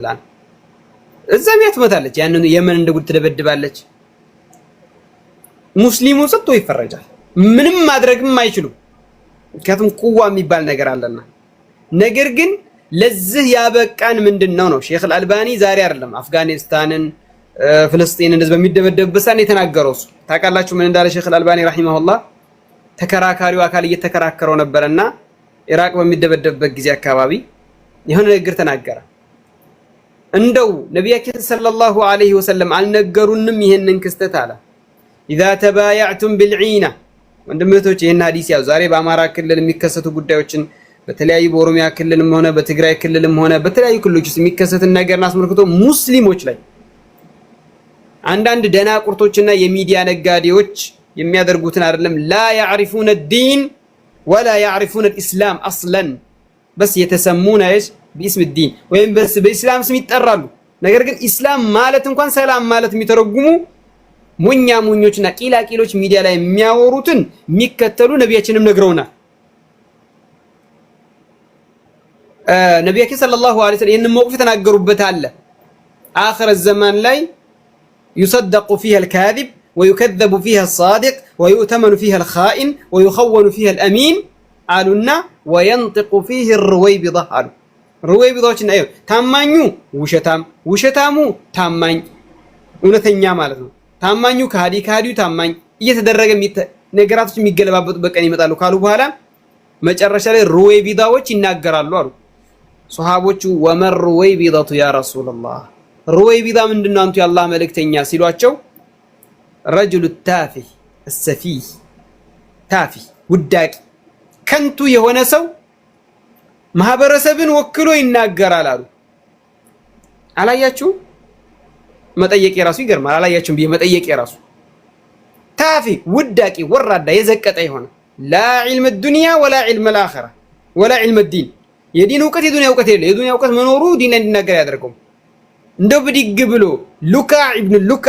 እዛ እዛም ያትመታለች። ያንን የመን እንደ ጉድ ትደበድባለች። ሙስሊሙ ሰጥቶ ይፈረጃል። ምንም ማድረግም አይችሉም። ምክንያቱም ቁዋ የሚባል ነገር አለና። ነገር ግን ለዚህ ያበቃን ምንድን ነው ነው ሼክ አልባኒ ዛሬ አይደለም አፍጋኒስታንን ፍልስጤን እንደዚህ በሚደበደብበት ሳን የተናገረው እሱ ታውቃላችሁ፣ ምን እንዳለ ሼክ አልባኒ ረሂመሁላህ ተከራካሪው አካል እየተከራከረው ነበረና ኢራቅ በሚደበደብበት ጊዜ አካባቢ የሆነ ንግግር ተናገረ። እንደው ነቢያችን ሰለላሁ ዐለይሂ ወሰለም አልነገሩንም ይሄንን ክስተት አለ። ኢዛ ተባያዕቱም ቢልዒና ወንድም እህቶች ይህን ሀዲስ ያው ዛሬ በአማራ ክልል የሚከሰቱ ጉዳዮችን በተለያዩ በኦሮሚያ ክልልም ሆነ በትግራይ ክልልም ሆነ በተለያዩ ክልሎች ውስጥ የሚከሰትን ነገርን አስመልክቶ ሙስሊሞች ላይ አንዳንድ ደናቁርቶችና የሚዲያ ነጋዴዎች የሚያደርጉትን አይደለም ላ ያዕሪፉነ ዲን ወላ ያዕሪፉነ ልእስላም አስለን በስ የተሰሙነ ቢስም ዲን ወይም በኢስላም ስም ይጠራሉ። ነገር ግን ኢስላም ማለት እንኳን ሰላም ማለት የሚተረጉሙ ሞኛ ሞኞችና ቂላቂሎች ሚዲያ ላይ የሚያወሩትን የሚከተሉ ነቢያችንም ነግረውናል። ነቢያችን ሰለላሁ ዐለይሂ ወሰለም ይህንን መውቅፍ የተናገሩበት አለ። አኽረ ዘማን ላይ ዩሰደቁ ፊሃ አልካዚብ ወዩከዘቡ ፊሃ አሳዲቅ ወዩእተመኑ ፊሃ አልኻኢን ወዩኸወኑ ፊሃ አልአሚን አሉና ወየንጢቁ ፊህ አልሩወይቢዳ አሉ ሩዌ ቢዳዎችና ይኸው ታማኙ ውሸታም፣ ውሸታሙ ታማኝ፣ እውነተኛ ማለት ነው። ታማኙ ከሃዲ፣ ከሃዲው ታማኝ እየተደረገ ነገራቶች የሚገለባበጡ በቀን ይመጣሉ ካሉ በኋላ መጨረሻ ላይ ሩዌ ቢዳዎች ይናገራሉ አሉ። ሶሃቦቹ ወመን ሩዌይ ቢዳቱ ያ ረሱላህ፣ ሩዌ ቢዳ ምንድን ነው አንቱ የአላህ መልእክተኛ ሲሏቸው ረጅሉ ታፊ ሰፊ ታፊ ውዳቂ ከንቱ የሆነ ሰው ማህበረሰብን ወክሎ ይናገራል አሉ። አላያችሁም? መጠየቅ የራሱ ይገርማል። አላያችሁም ብዬ መጠየቅ የራሱ ታፊ ውዳቂ ወራዳ የዘቀጠ የሆነ ላ ዒልመ ዱንያ ወላ ዒልመ ልአኸራ ወላ ዒልመ ዲን የዲን እውቀት የዱንያ እውቀት የለ የዱንያ እውቀት መኖሩ ዲን ላይ እንዲናገር ያደርገው እንደው ብድግ ብሎ ሉካ ኢብኑ ሉካ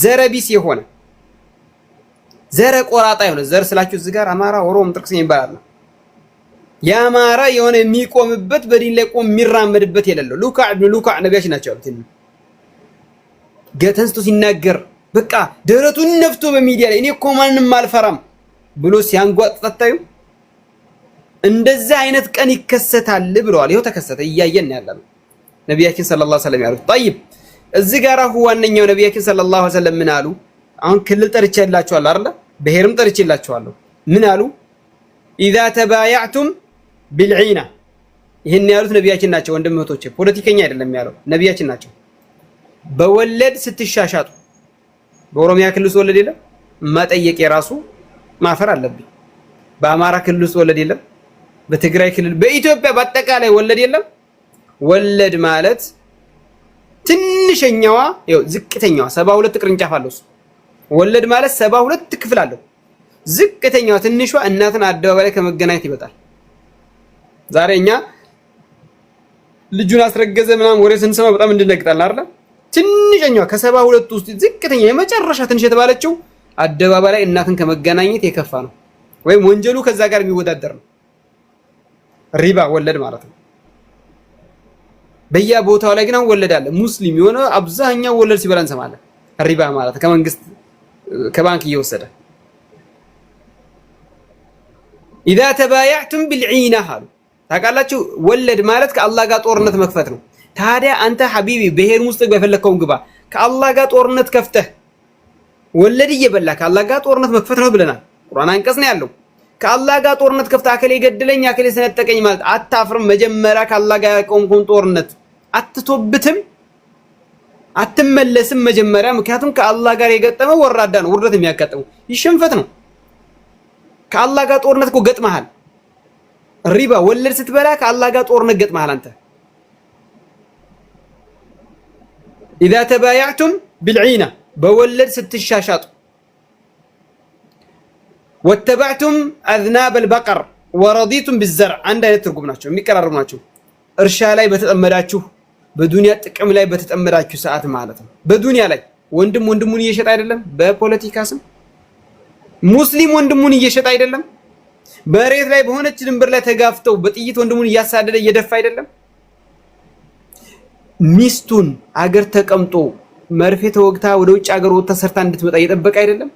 ዘረቢስ የሆነ ዘረ ቆራጣ የሆነ ዘር ስላችሁ እዚህ ጋር አማራ፣ ኦሮሞ፣ ጥርቅስ ይባላል ነው ያማራ የሆነ የሚቆምበት በዲን ላይ ቆም የሚራመድበት የሌለው ሉካ ኢብኑ ሉካ ነቢያችን ናቸው ያሉት። ተንስቶ ሲናገር በቃ ደረቱን ነፍቶ በሚዲያ ላይ እኔ እኮ ማንም አልፈራም ብሎ ሲያንጓጥጥ ታዩ። እንደዛ አይነት ቀን ይከሰታል ብለዋል። ይኸው ተከሰተ፣ እያየን ነው ነቢያችን ሰለላሁ ዐለይሂ ወሰለም ያሉት። ጠይብ እዚህ ጋር ዋነኛው ነቢያችን ሰለላሁ ዐለይሂ ወሰለም ምን አሉ? አሁን ክልል ጠርቼላችኋለሁ አይደለ? ብሔርም ጠርቼላችኋለሁ። ምን አሉ? ኢዛ ተባያዕቱም ቢልዒና ይህን ያሉት ነቢያችን ናቸው። ወንድም እህቶቼ ፖለቲከኛ አይደለም ያለው ነቢያችን ናቸው። በወለድ ስትሻሻጡ በኦሮሚያ ክልል ውስጥ ወለድ የለም መጠየቅ የራሱ ማፈር አለብኝ። በአማራ ክልል ውስጥ ወለድ የለም፣ በትግራይ ክልል፣ በኢትዮጵያ በአጠቃላይ ወለድ የለም። ወለድ ማለት ትንሸኛዋ ዝቅተኛዋ ሰባ ሁለት ቅርንጫፍ አለው ወለድ ማለት ሰባ ሁለት ክፍል አለው። ዝቅተኛዋ ትንሿ እናትን አደባባይ ላይ ከመገናኘት ይበጣል። ዛሬ እኛ ልጁን አስረገዘ ምናምን ወሬ ስንሰማ በጣም እንድነግጣለን አይደል? ትንሸኛዋ ከሰባ ሁለቱ ውስጥ ዝቅተኛ የመጨረሻ ትንሽ የተባለችው አደባባይ ላይ እናትን ከመገናኘት የከፋ ነው፣ ወይም ወንጀሉ ከዛ ጋር የሚወዳደር ነው። ሪባ ወለድ ማለት ነው። በያ ቦታው ላይ ግን አሁን ወለድ አለ። ሙስሊም የሆነ አብዛኛው ወለድ ሲበላ እንሰማለን። ሪባ ማለት ከመንግስት ከባንክ እየወሰደ ኢዛ ተባያዕቱም ቢልዒና አሉ ታውቃላችሁ፣ ወለድ ማለት ከአላህ ጋር ጦርነት መክፈት ነው። ታዲያ አንተ ሀቢቢ ብሔር ውስጥ በፈለከውን ግባ፣ ከአላህ ጋር ጦርነት ከፍተህ ወለድ እየበላ ከአላህ ጋር ጦርነት መክፈት ነው ብለናል። ቁርአን አንቀጽ ነው ያለው። ከአላህ ጋር ጦርነት ከፍተህ አከሌ ገደለኝ፣ አከሌ ሰነጠቀኝ ማለት አታፍርም? መጀመሪያ ከአላህ ጋር ያቆምከውን ጦርነት አትቶብትም፣ አትመለስም መጀመሪያ። ምክንያቱም ከአላህ ጋር የገጠመው ወራዳ ነው፣ ውርደት የሚያጋጥመው ይሽንፈት ነው። ከአላህ ጋር ጦርነት እኮ ገጥመሃል። ሪባ ወለድ ስትበላ ከአላህ ጋር ጦርነት ገጥመሃል አንተ። ኢዛ ተባያዕቱም ቢልዒና በወለድ ስትሻሻጡ፣ ወተባዕቱም አዝናበል በቀር ወረዲቱም ቢዘርዕ አንድ አይነት ትርጉም ናቸው፣ የሚቀራረቡ ናቸው። እርሻ ላይ በተጠመዳችሁ በዱንያ ጥቅም ላይ በተጠመዳችሁ ሰዓት ማለት ነው። በዱንያ ላይ ወንድም ወንድሙን እየሸጠ አይደለም፣ በፖለቲካ ስም ሙስሊም ወንድሙን እየሸጠ አይደለም በሬት ላይ በሆነች ድንበር ላይ ተጋፍተው በጥይት ወንድሙን እያሳደደ እየደፋ አይደለም። ሚስቱን አገር ተቀምጦ መርፌ ተወግታ ወደ ውጭ ሀገር ወጥታ ሰርታ እንድትመጣ እየጠበቀ አይደለም።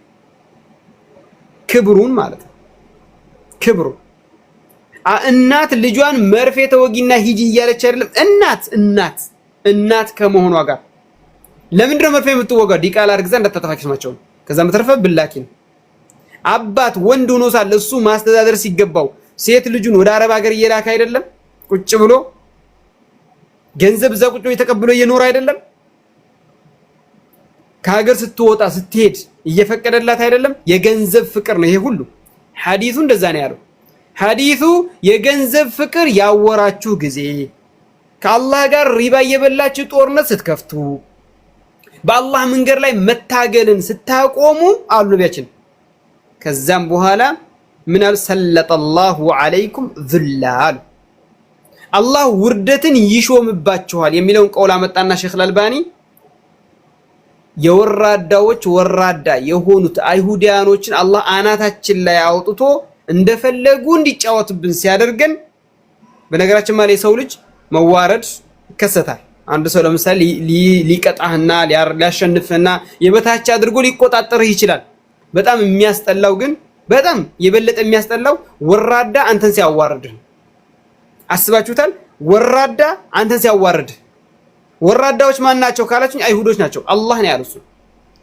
ክብሩን ማለት ነው። ክብሩ እናት ልጇን መርፌ ተወጊና ሂጂ እያለች አይደለም። እናት እናት እናት ከመሆኗ ጋር ለምንድነው መርፌ የምትወጋው? ዲቃላ አርግዛ እንዳታጠፋ ስማቸው። ከዛ በተረፈ ብላኪ ነው። አባት ወንድ ሆኖ ሳለ እሱ ማስተዳደር ሲገባው ሴት ልጁን ወደ አረብ ሀገር እየላከ አይደለም? ቁጭ ብሎ ገንዘብ እዛ ቁጭ የተቀብሎ እየኖረ አይደለም? ከሀገር ስትወጣ ስትሄድ እየፈቀደላት አይደለም? የገንዘብ ፍቅር ነው ይሄ ሁሉ። ሐዲሱ እንደዛ ነው ያለው። ሐዲሱ የገንዘብ ፍቅር ያወራችሁ ጊዜ ከአላህ ጋር ሪባ እየበላችሁ ጦርነት ስትከፍቱ በአላህ መንገድ ላይ መታገልን ስታቆሙ አሉ ነቢያችን ከዛም በኋላ ምናል ሰለጠ ላሁ አለይኩም ዙላ አሉ። አላህ ውርደትን ይሾምባችኋል የሚለውን ቀውል አመጣና ሼክ አልባኒ የወራዳዎች ወራዳ የሆኑት አይሁዲያኖችን አላህ አናታችን ላይ አውጥቶ እንደፈለጉ እንዲጫወትብን ሲያደርገን፣ በነገራችን ማለት የሰው ልጅ መዋረድ ይከሰታል። አንድ ሰው ለምሳሌ ሊቀጣህና ሊያሸንፍህና የበታች አድርጎ ሊቆጣጠርህ ይችላል። በጣም የሚያስጠላው ግን በጣም የበለጠ የሚያስጠላው ወራዳ አንተን ሲያዋርድ አስባችሁታል? ወራዳ አንተን ሲያዋርድ። ወራዳዎች ማን ናቸው ካላችሁኝ፣ አይሁዶች ናቸው። አላህ ነው ያሉት።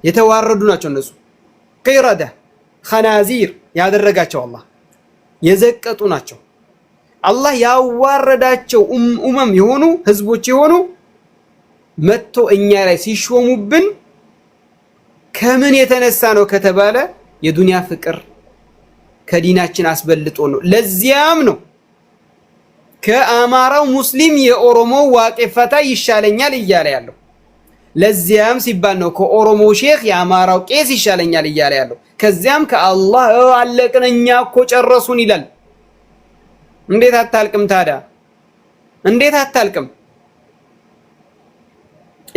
የተዋረዱ ናቸው እነሱ። ከይራዳ ኸናዚር ያደረጋቸው አላህ የዘቀጡ ናቸው። አላህ ያዋረዳቸው ኡመም የሆኑ ህዝቦች የሆኑ መጥቶ እኛ ላይ ሲሾሙብን ከምን የተነሳ ነው ከተባለ የዱንያ ፍቅር ከዲናችን አስበልጦ ነው። ለዚያም ነው ከአማራው ሙስሊም የኦሮሞው ዋቄ ይሻለኛል እያለ ያለው። ለዚያም ሲባል ነው ከኦሮሞ ሼክ የአማራው ቄስ ይሻለኛል እያለ ያለው። ከዚያም ከአላህ አለቅን እኛ እኮ ጨረሱን ይላል። እንዴት አታልቅም ታዲያ? እንዴት አታልቅም?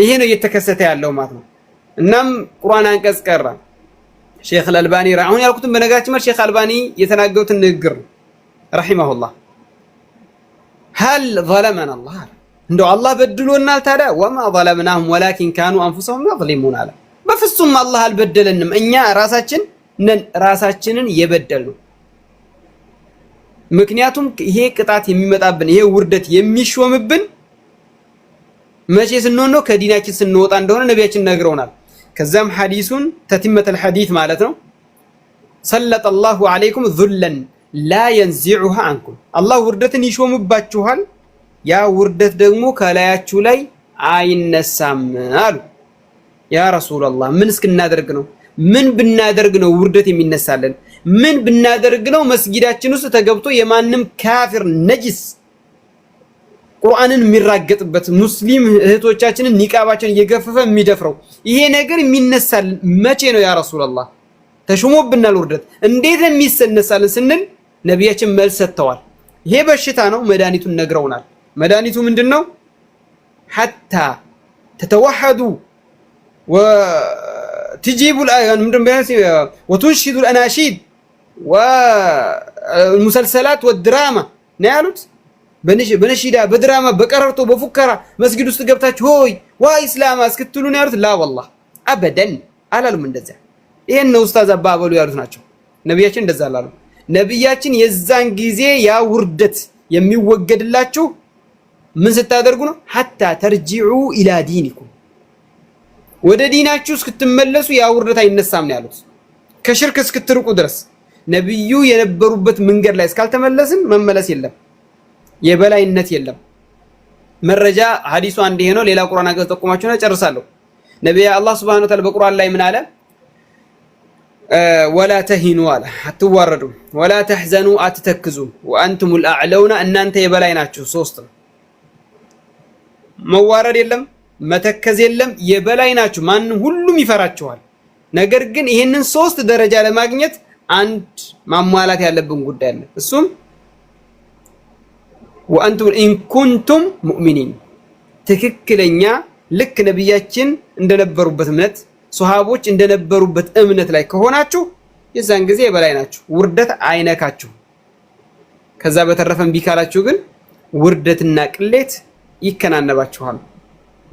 ይሄ ነው እየተከሰተ ያለው ማለት ነው። እናም ቁርአን አንቀጽ ቀራ። ሼክ አልባኒ አሁን ያልኩትን በነገራችን ማለት ሼክ አልባኒ የተናገሩትን ንግግር ነው። ረሂመሁላህ ሀል ዘለመና አላህ እንደው አላህ በድሎናል ታዲያ? ወማ ዘለምናሁም ወላኪን ካኑ አንፉሰሁም የዝሊሙን አለ። በፍጹም አላህ አልበደለንም፣ እኛ ራሳችን ነን ራሳችንን የበደሉ ምክንያቱም ይሄ ቅጣት የሚመጣብን ይሄ ውርደት የሚሾምብን መቼ ስንሆን ነው? ከዲናችን ስንወጣ እንደሆነ ነቢያችን ነግረውናል። ከዛም ሐዲሱን ተቲመተል ሐዲት ማለት ነው። ሰለጠላሁ ላሁ ዙለን ላ የንዚዑሃ አንኩም አላህ ውርደትን ይሾምባችኋል፣ ያ ውርደት ደግሞ ከላያችሁ ላይ አይነሳም አሉ። ያ ረሱላላህ ምን እስክናደርግ ነው? ምን ብናደርግ ነው ውርደት የሚነሳለን? ምን ብናደርግ ነው መስጊዳችን ውስጥ ተገብቶ የማንም ካፊር ነጅስ ቁርአንን የሚራገጥበት ሙስሊም እህቶቻችንን ኒቃባቸውን እየገፈፈ የሚደፍረው ይሄ ነገር የሚነሳልን መቼ ነው? ያ ረሱላላህ ተሽሞብናል፣ ውርደት እንዴት የሚሰነሳልን ስንል ነቢያችን መልስ ሰጥተዋል። ይሄ በሽታ ነው፣ መድኃኒቱን ነግረውናል። መድኃኒቱ ምንድን ነው? ሐታ ተተዋሐዱ ወትጂቡል ወቱንሺዱል አናሺድ ወልሙሰልሰላት ወድራማ ነው ያሉት በነሺዳ በድራማ በቀረርቶ በፉከራ መስጊድ ውስጥ ገብታችሁ ሆይ ዋ ኢስላማ እስክትሉን ነው ያሉት። ላ ወላሂ አበደን አላሉም። እንደዚያ ይሄን ነው ኡስታዝ አባበሉ ያሉት ናቸው። ነቢያችን እንደዛ አላሉ። ነቢያችን የዛን ጊዜ ያ ውርደት የሚወገድላችሁ ምን ስታደርጉ ነው? ሐታ ተርጂዑ ኢላ ዲኒኩም ወደ ዲናችሁ እስክትመለሱ ያ ውርደት አይነሳም ነው ያሉት። ከሽርክ እስክትርቁ ድረስ ነቢዩ የነበሩበት መንገድ ላይ እስካልተመለስን መመለስ የለም። የበላይነት የለም። መረጃ ሀዲሱ አንድ ይሄ ነው። ሌላ ቁርአን አገዝ ጠቁማችሁና ጨርሳለሁ። ነቢያ አላህ ሱብሓነሁ ወተዓላ በቁርአን ላይ ምን አለ? ወላ ተሂኑ አለ፣ አትዋረዱ። ወላ ተሕዘኑ፣ አትተክዙ። ወአንቱሙል አዕለውና እናንተ የበላይ ናችሁ። ሶስት መዋረድ የለም፣ መተከዝ የለም። የበላይ ናችሁ፣ ማንም ሁሉም ይፈራችኋል። ነገር ግን ይህንን ሶስት ደረጃ ለማግኘት አንድ ማሟላት ያለብን ጉዳይ አለ እሱም ወአንቱም ኢንኩንቱም ሙእሚኒን ትክክለኛ ልክ ነቢያችን እንደነበሩበት እምነት ሶሃቦች እንደነበሩበት እምነት ላይ ከሆናችሁ የዛን ጊዜ የበላይ ናችሁ፣ ውርደት አይነካችሁ። ከዛ በተረፈ እምቢ ካላችሁ ግን ውርደትና ቅሌት ይከናነባችኋል።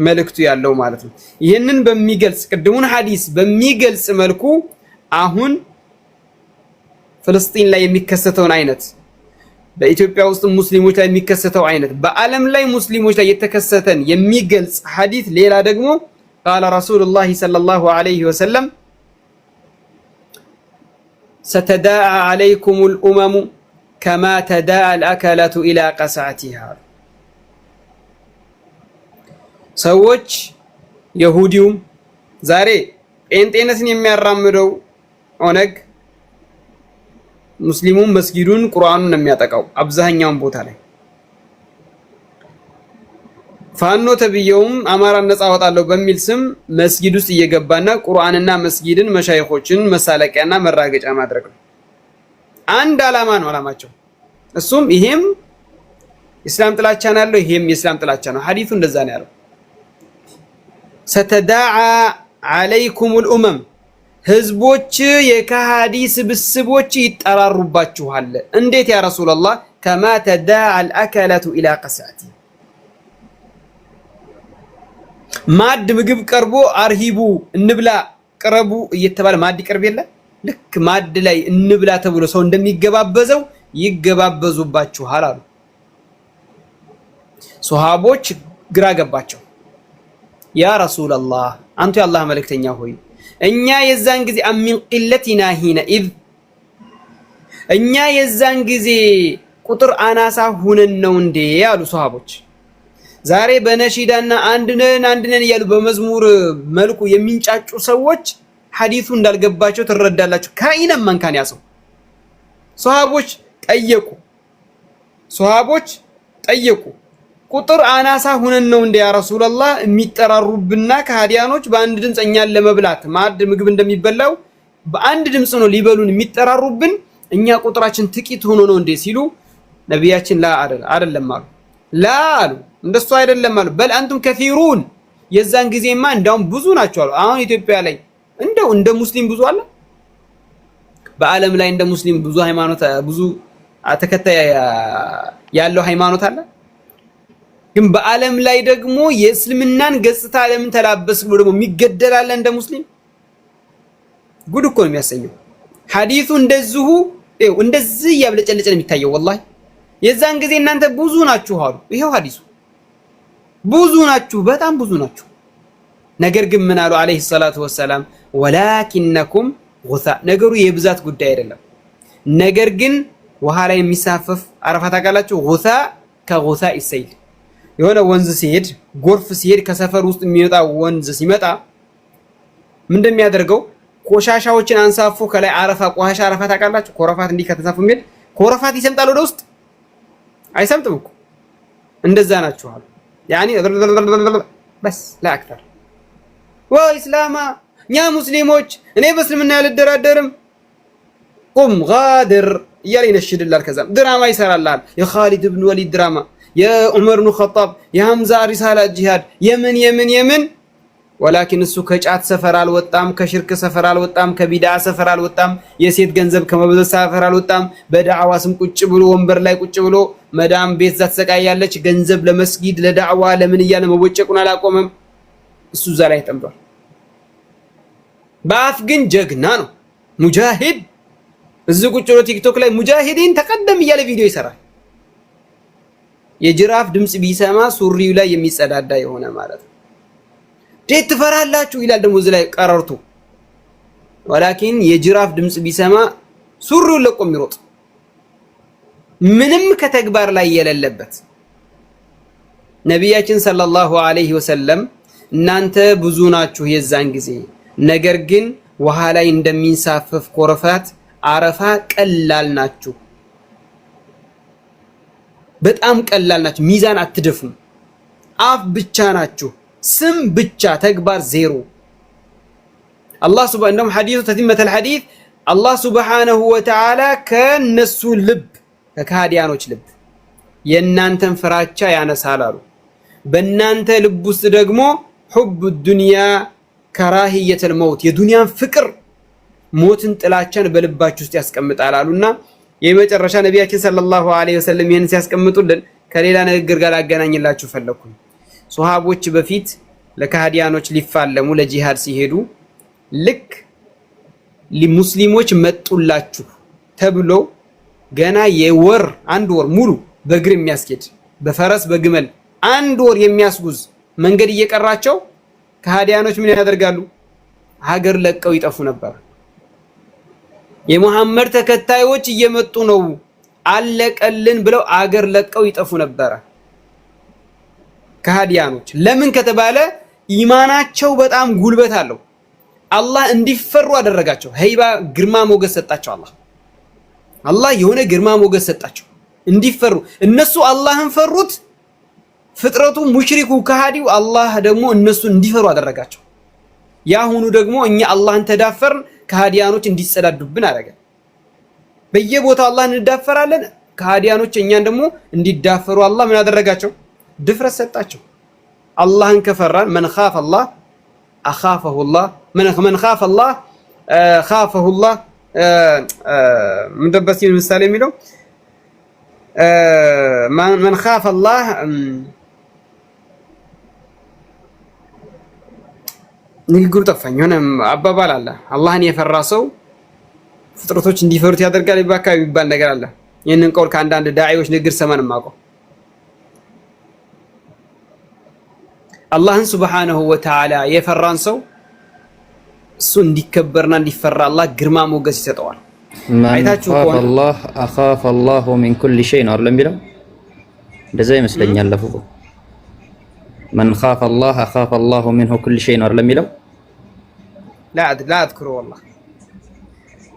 መልእክቱ ያለው ማለት ነው። ይህንን በሚገልጽ ቅድሙን ሀዲስ በሚገልጽ መልኩ አሁን ፍልስጢን ላይ የሚከሰተውን አይነት በኢትዮጵያ ውስጥ ሙስሊሞች ላይ የሚከሰተው አይነት በዓለም ላይ ሙስሊሞች ላይ የተከሰተን የሚገልጽ ሐዲት። ሌላ ደግሞ ቃለ ረሱሉላሂ ሰለላሁ ዐለይሂ ወሰለም ሰተዳአ ዐለይኩሙል ኡመሙ ከማ ተዳአል አከላቱ ኢላ ቀሳዕቲሃ። ሰዎች የሁዲውም ዛሬ ጴንጤነትን የሚያራምደው ኦነግ ሙስሊሙን መስጊዱን ቁርአኑን ነው የሚያጠቃው አብዛኛውን ቦታ ላይ። ፋኖ ተብየውም አማራን ነጻ አወጣለሁ በሚል ስም መስጊድ ውስጥ እየገባና ቁርአንና መስጊድን መሻይኾችን መሳለቂያና መራገጫ ማድረግ ነው። አንድ አላማ ነው አላማቸው። እሱም ይሄም እስላም ጥላቻ ነው ያለው፣ ይሄም የእስላም ጥላቻ ነው። ሐዲሱ እንደዛ ነው ያለው። ሰተዳዓ ዓለይኩሙል ኡመም ህዝቦች የከሃዲ ስብስቦች ይጠራሩባችኋል። እንዴት ያ ረሱላላህ? ከማ ተዳዓ አልአከላቱ ኢላ ቀሳቲ ማድ ምግብ ቀርቦ አርሂቡ እንብላ ቅረቡ እየተባለ ማድ ይቀርብ የለ ልክ ማድ ላይ እንብላ ተብሎ ሰው እንደሚገባበዘው ይገባበዙባችኋል አሉ። ሶሃቦች ግራ ገባቸው። ያ ረሱላላህ አንቱ የአላህ መልእክተኛ ሆይ እኛ የዛን ጊዜ አሚን ቅለቲና ሂነ ኢዝ እኛ የዛን ጊዜ ቁጥር አናሳ ሁነን ነው እንዴ ያሉ ሰሃቦች ዛሬ በነሺዳና አንድነን አንድነን እያሉ በመዝሙር መልኩ የሚንጫጩ ሰዎች ሐዲሱ እንዳልገባቸው ትረዳላችሁ። ካይነም መንካን ያሰው ሰሃቦች ጠየቁ ሰሃቦች ጠየቁ። ቁጥር አናሳ ሁነን ነው እንደ ያ ረሱላህ የሚጠራሩብና ከሃዲያኖች በአንድ ድምፅ እኛን ለመብላት ማዕድ ምግብ እንደሚበላው በአንድ ድምፅ ነው ሊበሉን የሚጠራሩብን፣ እኛ ቁጥራችን ጥቂት ሆኖ ነው እንዴ ሲሉ ነቢያችን ላ አይደለም አሉ። ላ አሉ፣ እንደሱ አይደለም አሉ። በል አንቱም ከፊሩን፣ የዛን ጊዜማ እንዳውም ብዙ ናቸው አሉ። አሁን ኢትዮጵያ ላይ እንደው እንደ ሙስሊም ብዙ አለ። በአለም ላይ እንደ ሙስሊም ብዙ ሃይማኖት ብዙ ተከታይ ያለው ሃይማኖት አለ። ግን በዓለም ላይ ደግሞ የእስልምናን ገጽታ ለምን ተላበስ ብሎ ደግሞ የሚገደላለ እንደ ሙስሊም ጉድ እኮ ነው የሚያሰኘው። ሐዲሱ እንደዚሁ እንደዚህ እያብለጨለጨ ነው የሚታየው። ወላሂ የዛን ጊዜ እናንተ ብዙ ናችሁ አሉ። ይሄው ሐዲሱ ብዙ ናችሁ፣ በጣም ብዙ ናችሁ። ነገር ግን ምን አሉ አለይሂ ሰላቱ ወሰላም ወላኪነኩም ጉሳ። ነገሩ የብዛት ጉዳይ አይደለም። ነገር ግን ውሃ ላይ የሚሳፈፍ አረፋ ታውቃላችሁ። ጉሳ ከጉሳ ይሰይል የሆነ ወንዝ ሲሄድ ጎርፍ ሲሄድ ከሰፈር ውስጥ የሚወጣ ወንዝ ሲመጣ ምን እንደሚያደርገው ቆሻሻዎችን አንሳፎ ከላይ አረፋ ቆሻሻ አረፋ ታውቃላችሁ። ኮረፋት እንዲህ ከተንሳፈ የሚሄድ ኮረፋት ይሰምጣል። ወደ ውስጥ አይሰምጥም እኮ እንደዛ ናችኋል። ያኒ በስ ለአክተር ወይ ኢስላማ እኛ ሙስሊሞች እኔ በእስልምና አልደራደርም ቁም ጋድር እያለ ይነሽድላል። ከዛም ድራማ ይሰራላል የኻሊድ ብን ወሊድ ድራማ የዑመር ብኑ ኸጣብ የሐምዛ ሪሳላ ጂሃድ የምን የምን የምን ወላኪን እሱ ከጫት ሰፈር አልወጣም፣ ከሽርክ ሰፈር አልወጣም፣ ከቢድዓ ሰፈር አልወጣም፣ የሴት ገንዘብ ከመበዘት ሰፈር አልወጣም። በዳዕዋ ስም ቁጭ ብሎ ወንበር ላይ ቁጭ ብሎ መዳም ቤት እዛ ተሰቃያለች። ገንዘብ ለመስጊድ ለዳዕዋ ለምን እያለ መቦጨቁን አላቆመም። እሱ እዛ ላይ ተጠምዷል። በአፍ ግን ጀግና ነው ሙጃሂድ። እዚህ ቁጭ ብሎ ቲክቶክ ላይ ሙጃሂዲን ተቀደም እያለ ቪዲዮ ይሰራል። የጅራፍ ድምፅ ቢሰማ ሱሪው ላይ የሚጸዳዳ የሆነ ማለት ነው። እንዴት ትፈራላችሁ ይላል ደግሞ እዚህ ላይ ቀረርቱ ወላኪን የጅራፍ ድምፅ ቢሰማ ሱሪውን ለቆ የሚሮጥ ምንም ከተግባር ላይ የሌለበት ነቢያችን ሰለላሁ ዐለይሂ ወሰለም እናንተ ብዙ ናችሁ የዛን ጊዜ ነገር ግን ውሃ ላይ እንደሚንሳፈፍ ኮረፋት አረፋ ቀላል ናችሁ በጣም ቀላል ናችሁ። ሚዛን አትደፉም። አፍ ብቻ ናችሁ፣ ስም ብቻ፣ ተግባር ዜሮ። አላህ ሱብሃነ እንደውም ሐዲሱ ተቲመተል ሐዲስ አላህ ሱብሃነሁ ወተዓላ ከነሱ ልብ ከካዲያኖች ልብ የእናንተን ፍራቻ ያነሳል አሉ። በእናንተ ልብ ውስጥ ደግሞ ሑብ ዱንያ ከራህየተል መውት የዱንያን ፍቅር ሞትን፣ ጥላቻን በልባችሁ ውስጥ ያስቀምጣል አሉና የመጨረሻ ነቢያችን ሰለላሁ ዐለይሂ ወሰለም ይህን ሲያስቀምጡልን ከሌላ ንግግር ጋር አገናኝላችሁ ፈለግኩኝ። ሶሃቦች በፊት ለካህዲያኖች ሊፋለሙ ለጂሃድ ሲሄዱ ልክ ሙስሊሞች መጡላችሁ ተብሎ ገና የወር አንድ ወር ሙሉ በእግር የሚያስኬድ በፈረስ በግመል አንድ ወር የሚያስጉዝ መንገድ እየቀራቸው ካህዲያኖች ምን ያደርጋሉ? ሀገር ለቀው ይጠፉ ነበር። የሙሐመድ ተከታዮች እየመጡ ነው አለቀልን ብለው አገር ለቀው ይጠፉ ነበረ። ከሃዲያኖች ለምን ከተባለ ኢማናቸው በጣም ጉልበት አለው። አላህ እንዲፈሩ አደረጋቸው። ሄይባ ግርማ ሞገስ ሰጣቸው። አላህ አላህ የሆነ ግርማ ሞገስ ሰጣቸው እንዲፈሩ። እነሱ አላህን ፈሩት። ፍጥረቱ ሙሽሪኩ ከሃዲው አላህ ደግሞ እነሱ እንዲፈሩ አደረጋቸው። ያሁኑ ደግሞ እኛ አላህን ተዳፈርን ከሃዲያኖች እንዲጸዳዱብን አደረገ። በየቦታው አላህ እንዳፈራለን። ከሃዲያኖች እኛን ደግሞ እንዲዳፈሩ አላህ ምን አደረጋቸው? ድፍረት ሰጣቸው። አላህን ከፈራን መን ኻፈ አላህ አኻፈሁላህ መን ኻፈ አላህ ኻፈሁላህ ምንደበስ ምሳሌ የሚለው መን ኻፈ አላህ ንግግሩ ጠፋኝ። የሆነ አባባል አለ፣ አላህን የፈራ ሰው ፍጥረቶች እንዲፈሩት ያደርጋል በአካባቢ የሚባል ነገር አለ። ይህንን ቀውል ከአንዳንድ ዳዒዎች ንግግር ሰማን ማቀው አላህን ሱብሓነሁ ወተዓላ የፈራን ሰው እሱ እንዲከበርና እንዲፈራ አላህ ግርማ ሞገስ ይሰጠዋል። አይታችሁ ከሆነ ሚን ኩል ሸይ ነው አይደለም የሚለው እንደዛ ይመስለኛል መን ኻፈ አላህ አኻፈ አላሁ ሚንሁ ኩል ሸይ ነው አይደል የሚለው? ላ አዝኩሩ ወላሂ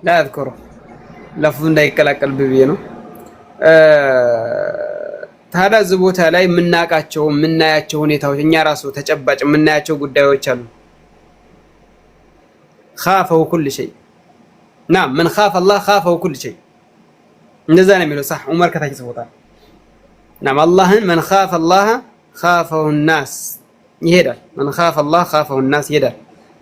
ላ አዝኩሩ ለፍዙ እንዳይቀላቀል ብዬ ነው። ታዲያ እዚህ ቦታ ላይ የምናውቃቸው የምናያቸው ሁኔታዎች እኛ ራሱ ተጨባጭ የምናያቸው ጉዳዮች አሉ። ኻፈው ኩል ሸይ ና መን ኻፈ አላህ ኻፈው ኩል ሸይ እንደዛ ነው የሚለው። ሳ ዑመር ከታች ይጽፎታል። ናም አላህን መን ኻፈ አላህ ካፈው ናስ ይሄዳል። መን ካፈ አላህ ካፈው ናስ ይሄዳል።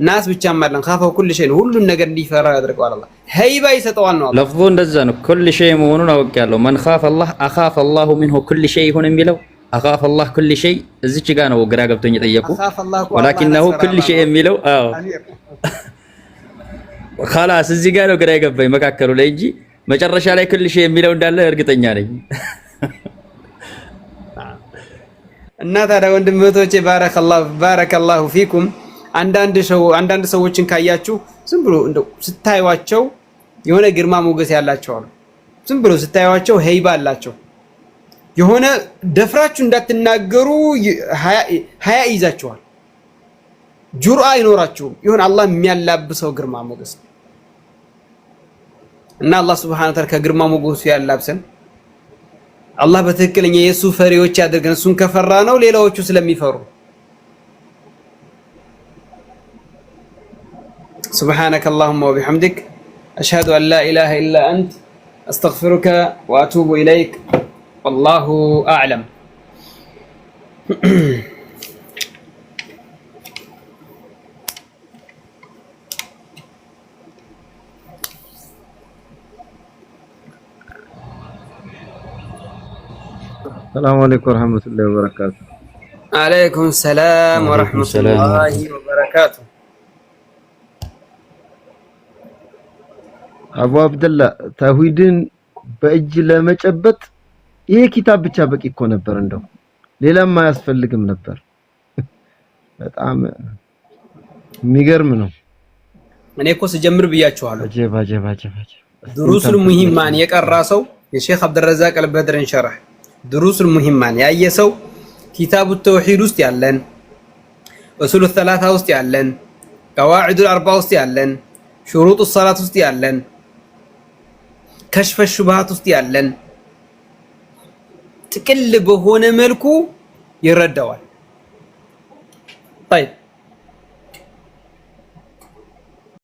ናስ ብቻም አይደለም ካፈው ኩል ሸይን ሁሉን ነገር እንዲፈራ ያደርገዋል። አላህ ሀይባ ይሰጠዋል ነው ለፍዙ እንደዛ ነው። ኩል ሸይ መሆኑን አውቄያለሁ። መን ካፈ አላህ አኻፈ አላሁ ሚንሁ ኩል ሸይ ይሁን የሚለው አኻፈ አላህ ኩል ሸይ እዚች ጋ ነው ግራ ገብቶኝ የጠየቁ ወላኪነሁ ኩል ሸይ የሚለው አዎ ኸላስ እዚህ ጋ ነው ግራ የገባኝ መካከሉ ላይ እንጂ መጨረሻ ላይ ኩል ሸይ የሚለው እንዳለ እርግጠኛ ነኝ። እና ታዲያ ወንድም እህቶቼ ባረከላሁ ፊኩም። አንዳንድ ሰዎችን ካያችሁ ዝም ብሎ እንደው የሆነ ግርማ ሞገስ ያላቸው አሉ። ዝም ብሎ ስታዩዋቸው ሄይባ አላቸው። የሆነ ደፍራችሁ እንዳትናገሩ ሀያ ይዛችኋል። ጁርአ አይኖራችሁም። ይሁን አላህ የሚያላብሰው ግርማ ሞገስ እና አላህ ሱብሓነሁ ወተዓላ ከግርማ ሞገሱ ያላብሰን። አላህ በትክክለኛ የእሱ ፈሪዎች ያድርገን። እሱን ከፈራ ነው ሌላዎቹ ስለሚፈሩ። ሱብሓነከ አላሁመ ወቢሐምድክ አሽሀዱ አን ላ ኢላሃ ኢላ አንት አስተግፊሩከ ወአቱቡ ኢለይክ ወላሁ አዕለም። ሰላሙ አለይኩም ወራህመቱላሂ ወበረካቱ። አለይኩም ሰላም ወራህመቱላሂ ወበረካቱ። አቡ አብደላ ተውሂድን በእጅ ለመጨበጥ ይሄ ኪታብ ብቻ በቂ እኮ ነበር፣ እንደው ሌላም አያስፈልግም ነበር። በጣም የሚገርም ነው። እኔ እኮ ስጀምር ብያችኋለሁ። ጀባ ድሩሱል ሙሂማን የቀራ ሰው የሼክ አብደረዛቅ አልበድርን ሸርህ ድሩሱል ሙሂማን ያየ ሰው ኪታቡ ተውሂድ ውስጥ ያለን እሱሉ ሰላታ ውስጥ ያለን ቀዋዒዱል አርባ ውስጥ ያለን ሹሩጡ ሰላት ውስጥ ያለን ከሽፈ ሹብሃት ውስጥ ያለን ጥቅል በሆነ መልኩ ይረዳዋል።